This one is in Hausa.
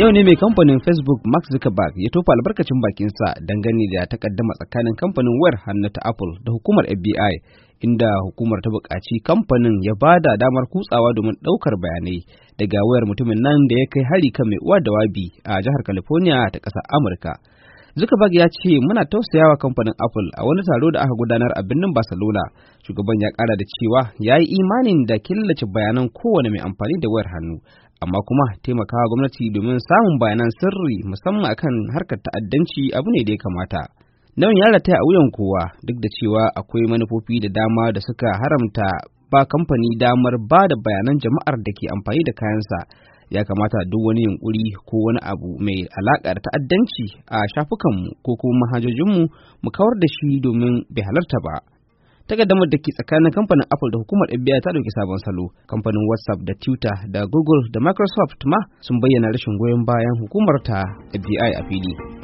Yau ne mai kamfanin Facebook Mark Zuckerberg ya tofa albarkacin bakinsa dangane da takaddama tsakanin kamfanin wayar hannu ta Apple da hukumar FBI inda hukumar ta buƙaci kamfanin ya ba da damar kutsawa domin ɗaukar bayanai daga wayar mutumin nan da ya kai hari kan mai uwa da wabi a jihar California ta ƙasar Amurka. Zuckerberg ya ce muna tausayawa kamfanin Apple a wani taro da aka gudanar a birnin Barcelona. Shugaban ya ƙara da cewa ya yi imanin da killace bayanan kowane mai amfani da wayar hannu, amma kuma taimakawa gwamnati domin samun bayanan sirri musamman akan harkar ta'addanci abu ne da ya kamata. Nauyin ya rataya a wuyan kowa duk da cewa akwai manufofi da dama da suka haramta ba kamfani damar ba da bayanan jama'ar da ke amfani da kayansa ya kamata duk wani yunkuri ko wani abu mai alaƙa da ta'addanci a shafukanmu ko kuma mahajojinmu mu kawar da shi domin bai halarta ba. Takaddamar da ke tsakanin kamfanin Apple da hukumar FBI ta ɗauki sabon salo, kamfanin WhatsApp da Twitter da Google da Microsoft ma sun bayyana rashin goyon bayan hukumar ta FBI a fili.